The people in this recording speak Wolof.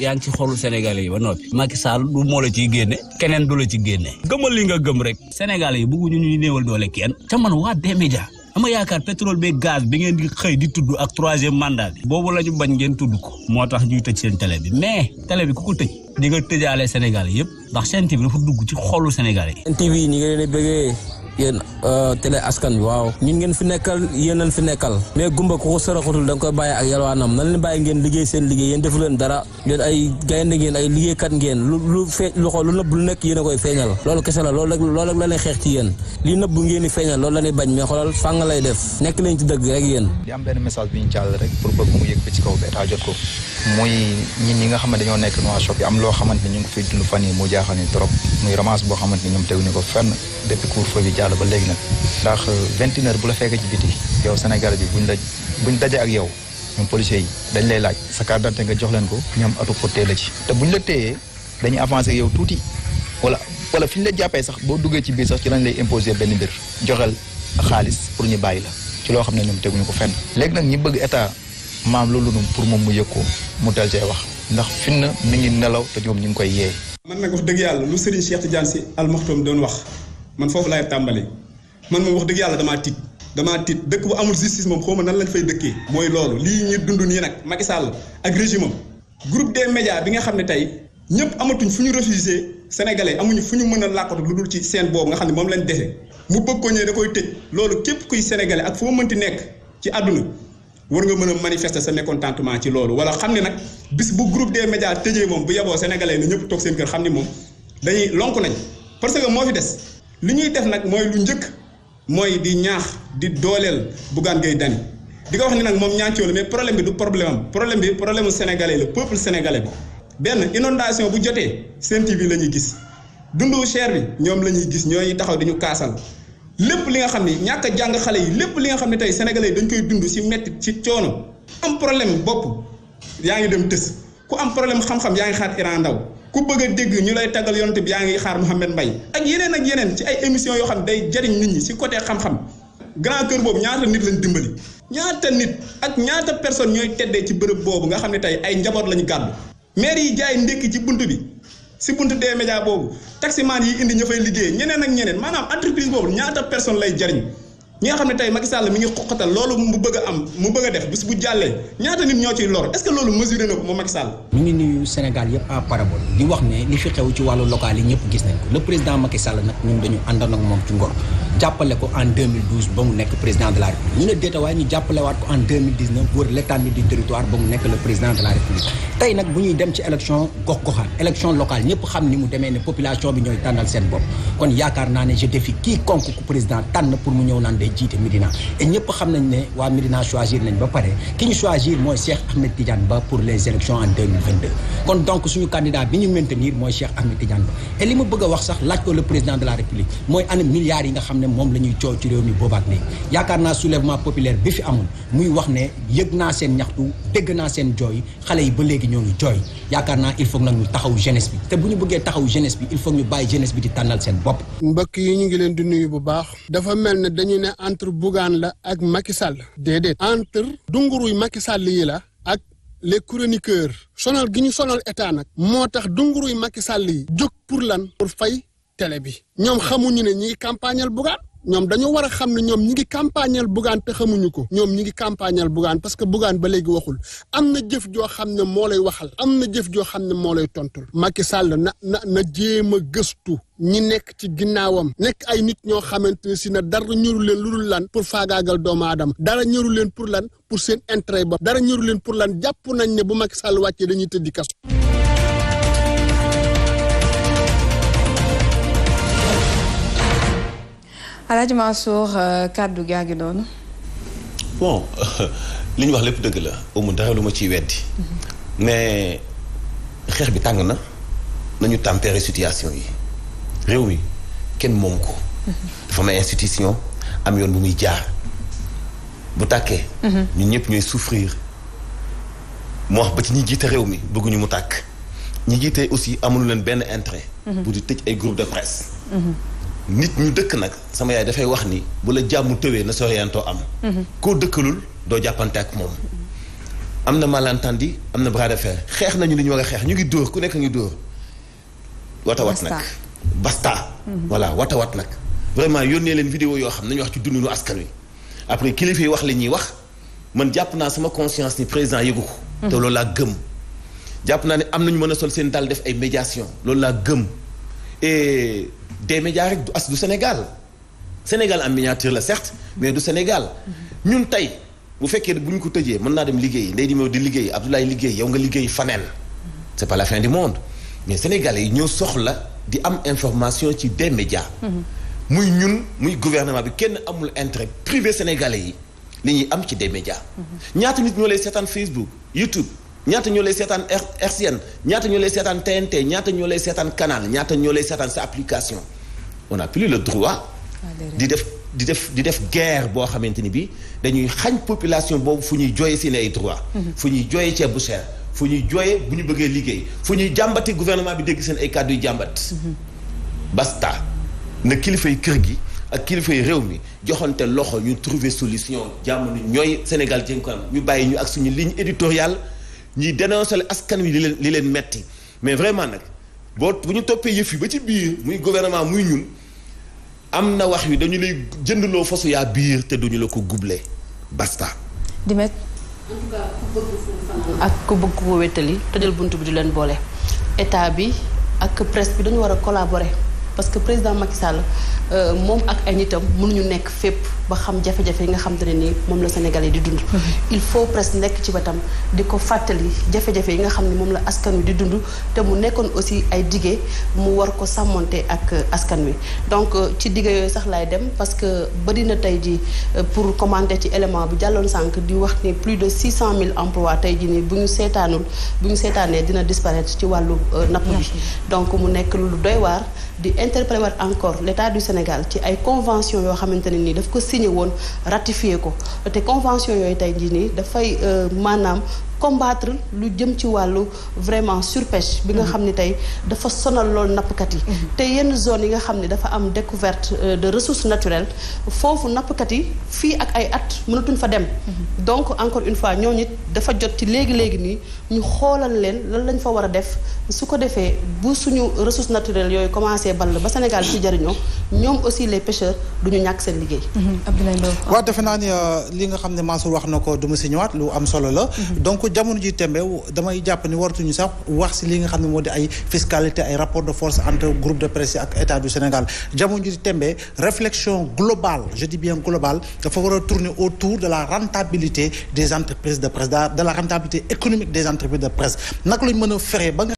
yaa ngi ci xolu Sénégalais yi ba noppi Macky du moo la ciy génne keneen du la ci génne gëmal li nga gëm rek Sénégalais yi bëgguñu ñuy néewal doole kenn te man waa D-Média ama yaakaar pétrole beeg gaz bi ngeen di xëy di tudd ak troisième mandat bi boobu la ñu bañ ngeen tudd ko moo tax ñuy tëj seen télé bi mais télé bi ku ko tëj di nga tëjaale Sénégalais yëpp ndax seen TV dafa dugg ci xolu Sénégalais yi. seen TV ñi nga leen bëggee yéen Euh, tele askan bi waaw ñun ngeen fi nekkal yéen leen fi nekkal mais gumba ku ko saraxatul da nga koy bàyyi ak yalwaanam na leen bàyyi ngeen liggéey seen liggéey yéen defu leen dara yéen ay gaynde ngeen ay liggéeykat lu lu fee lu xool lu nëbb nekk yéen a koy feeñal loolu kese la loolu rek loolu xeex ci yéen lii nëbb ngeen di feeñal loolu la lay bañ lay def nekk leen ci dëgg rek yéen di am benn message bi ñu jàll rek pour bëgg mu yëg ba ci kaw ba état jot ko muy ñin ñi nga xam ne dañoo nekk noa choc yi am loo xamante ni ñu ngi fiy dund fan yi mu jaaxal ni trop muy ramage boo xamante ni ñoom teguñu ko fenn depuis couvre-feu jàll ba nag ndax vingt une bu la fekkee ci biti yow Sénégal bi buñ la buñ daje ak yow ñoom policiers yi dañ lay laaj sa carte d'identité nga jox leen ko ñoom atu pour la ci te buñ la téyee dañuy avancé yow tuuti wala wala fi ñu la jàppee sax boo duggee ci biir sax ci lañ lay imposer benn mbir joxel xaalis pour ñu bàyyi la ci loo xam ne ñoom teguñu ko fenn léegi nag ñi bëgg état maam lu noonu pour moom mu yëg ko mu dal see wax ndax fin na mi ngi nelaw te ñoom ñu ngi koy yee man nag wax dëgg yàlla lu Serigne Cheikh Tidiane Sy Al Maktoum doon wax man foofu laay tàmbali man moom wax dëgg yàlla damaa tiit damaa tiit dëkk bu amul justice moom xaw ma nan lañ fay dëkkee mooy loolu lii ñuy dund nii nag Macky Sall ak régime am groupe des médias bi nga xam ne tey ñëpp amatuñ fu ñu refusé sénégalais amuñu fu ñu mën a làqatu lu dul ci seen boobu nga xam ne moom lañ dese mu bëgg ko ñëwee da koy tëj loolu képp kuy sénégalais ak foo mënti nekk ci àdduna war nga mën a manifester sa mécontentement ci loolu wala xam ne nag bis bu groupe des médias tëjee moom bu yeboo sénégalais na ñëpp toog seen kër xam ne moom dañuy lonk nañ parce que moo fi des li ñuy def nag mooy lu njëkk mooy di ñaax di dooleel Bougane Gueye Dany di ko wax ni nag moom ñaancoo la mais problème bi du problème problème bi problème sénégalais la peuple sénégalais bi benn inondation bu jotee Sen TV la ñuy gis dundu cher bi ñoom la ñuy gis ñooy taxaw di ñu kaasal lépp li nga xam ni ñàkk jàng xale yi lépp li nga xam ne tey sénégalais yi dañ koy dund ci metti ci coono am problème bopp yaa ngi dem tës ku am problème xam-xam yaa ngi xaar Iran Ndaw ku bëgg a dégg ñu lay tagal yonent bi yaa ngi xaar Mouhamed Mbaye ak yeneen ak yeneen ci ay émission yoo xam day jariñ nit ñi si côté xam-xam grand kër boobu ñaata nit lañ dimbali ñaata nit ak ñaata personne ñooy teddee ci bërëb boobu nga xam ne tey ay njaboot lañu gàddu maire yi jaay ndékki ci bunt bi si bunt des médias boobu taximaan yi indi ña fay liggéey ñeneen ak ñeneen maanaam entreprise boobu ñaata personne lay jariñ ñi xam ne tey Macky Sall mi ngi xoqatal loolu mu bëgg a am mu bëgg a def bis bu jàllee ñaata nit ñoo ciy lor est-ce que loolu mesuré na ko moom Macky Sall. ñu ngi nuyu Sénégal yëpp à parabole di wax ne li fi xew ci wàllu local yi ñëpp gis nañ ko le président Macky Sall nag ñun dañu àndoon ak moom ci ngor jàppale ko en 2012 ba mu nekk président de la république ñu ne déeta waaye ñu jàppalewaat ko en 2019 wër l'étendue du territoire ba mu nekk le président de la république tey nag bu ñuy dem ci élection gox-goxaan élection locale ñëpp xam ni mu demee ne population bi ñooy tànnal seen bopp kon yaakaar naa ne je défie quiconque ku président tànn pour mu ñëw naan day jiite Médina et ñëpp xam nañ ne waa Médina choisir nañ ba pare ki ñu choisir mooy Cheikh Ahmed Tidiane Ba pour les élections en 2022 kon mooy Cheikh Ahmed Tidiane Ba et li ma bëgg wax sax laaj ko le président de la république mooy anam ne moom la ñuy coow ci réew mi boobaak léegi yaakaar naa soulèvement populaire bi fi amoon muy wax ne yëg naa seen ñaxtu dégg naa seen jooy xale yi ba léegi ñoo ngi jooy yaakaar naa il faut nag ñu taxaw jeunesse bi te bu ñu bëggee taxaw jeunesse bi il faut ñu bàyyi jeunesse bi di tànnal seen bopp. mbokk yi ñu ngi leen di nuyu bu baax. dafa mel ne dañu ne entre Bougane la ak Macky Sall. déedéet entre dunguruy Macky Sall yi la ak les chroniqueurs sonal gi ñu sonal état nag. moo tax dunguruy Macky Sall yi. jóg pour lan pour fay. télé bi ñoom xamuñu ne ñi ngi campagnal bugaan ñoom dañoo war a xam ne ñoom ñi ngi campagnal bugaan te xamuñu ko ñoom ñi ngi campagnal bugaan parce que bugaan ba léegi waxul am na jëf joo xam ne moo lay waxal am na jëf joo xam ne moo lay tontul Macky Sall na na na jéem a gëstu ñi nekk ci ginnaawam nekk ay nit ñoo xamante ne si na dara ñëru leen lu dul lan pour faagaagal doomu aadama dara ñëru leen pour lan pour seen intérêt ba dara ñëru leen pour lan jàpp nañ ne bu Macky Sall wàccee dañuy tëddi kaso Alaaji Mansour euh, kàddu gaa ngi noonu. li ñu wax lépp dëgg la amul dara lu ma ciy weddi. mais xeex bi tàng na nañu tempérer situation yi réew mi kenn moom ko. dafa am institution am yoon bu muy jaar bu tàkkee. ñun ñëpp ñooy souffrir mu wax ba ci ñi jiite réew mi bëgguñu mu tàkk ñi jiite aussi amul leen benn intérêt. Mhm. bu di tëj ay groupe de presse. Mhm. nit ñu dëkk nag sama yaay dafay wax ni bu la jàmm tëwee na soriantoo am mhm. koo dëkkalul doo jàppante ak moom am na di am na bras de fer xeex nañu li ñu war xeex ñu ngi dóor ku nekk ngi dóor watawat nag basta mhm. voilà watawat nag vraiment yónnee leen vidéo yoo xam nañu wax ci dundunu askan wi après kilifa yi wax li ñuy wax man jàpp naa sama conscience ni président yëgu ko mhm. te loolu laa gëm jàpp naa ne am nañu mën a sol seen dal def ay médiation loolu laa gëm des médias rek du as du Sénégal Sénégal en miniature la certes mais du Sénégal ñun tey bu fekkee bu ñu ko tëjee mën naa dem liggéey ndey di mew di liggéey Abdoulaye liggéey yow nga liggéey faneen c'est pas la fin du monde mais Sénégalais yi ñoo soxla di am information ci des médias mm-hmm. muy ñun muy gouvernement bi kenn amul intérêt privé sénégalais yi li ñuy am ci des médias mm-hmm. ñaata nit ñoo lay seetaan Facebook YouTube ñaata ñoo lay seetaan RCN ñaata ñoo lay seetaan TNT ñaata ñoo lay seetaan canal ñaata ñoo lay seetaan sa application on a plus le droit di def di def di def guerre boo xamante ni bi dañuy xañ population boobu fu ñuy jooyee seen ay troit mhm. fu ñuy jooyee ceeb bu cher fu ñuy jooyee bu ñu bëggee liggéey fu ñuy jàmbati gouvernement bi dégg seen ay kàddu yu jàmbat mhm. basta na kilifay kër gi ak kilifay réew mi joxante loxo ñu trouver solution jàmm ni ñooy Sénégal jëm ñu bàyyi ñu ak suñu ligne éditoriale ñuy dénoncer askan wi li leen leen metti mais vraiment nag boo bu ñu toppee yëf yi ba ci biir muy gouvernement muy ñun am na wax wi dañu lay jëndloo fosu yaa biir te duñu la ko guble basta. di ak ku bëgg ko wéttali tëjal bunt bi du leen boole état bi ak presque bi dañu war a collaborer. parce que président Macky Sall euh, moom ak ay nitam ñu nekk fépp ba xam jafe-jafe yi nga xam ne ni moom la Sénégalais di dund. Mhm. il faut presque nekk ci wetam di ko fàttali jafe-jafe yi nga xam ne moom la askan wi di dund te mu nekkoon aussi ay dige mu war ko sàmmoonte ak euh, askan wi. donc euh, ci dige yooyu sax laay dem parce que bëri na tey jii pour commander ci élément bu jàlloon sànq di wax ne plus de mille emplois tey jii nii bu ñu seetaanul bu ñu seetaanee dina disparaître ci wàllu napp bi donc mu nekk lu interpellé waat encore l'état du Sénégal ci ay convention yoo xamante ne nii daf ko signé woon ratifié ko te convention yooyu tey jii nii dafay euh, maanaam combattre lu jëm ci wàllu vraiment surpêche bi nga mhm. xam ni tey dafa sonal lool nappkat yi mhm. te yenn zone yi nga xam ne dafa am découverte euh, de ressources naturelles foofu nappkat yi fii ak ay at mënatuñ fa dem mhm. donc encore une fois ñooñu it dafa jot ci léegi-léegi nii ñu xoolal leen lan lañ fa war a def su ko defee bu suñu ressources naturelles yooyu commencé ball ba Sénégal ci jariñoo ñoom aussi les pêcheurs du ñu ñàkk seen liggéey euh, li nga xam ne Mansour wax na ko du ñëwaat lu am solo jamono ji tembe damay jàpp ni waratuñu sax wax si li nga xam ne moo di ay fiscalité ay rapport de force entre groupe de presse ak état du Sénégal jamono ji tembe réflexion globale je dis bien globale dafa war a tourner autour de la rentabilité des entreprises de presse de la rentabilité économique des entreprises de presse naka lañ mën a fexe ba nga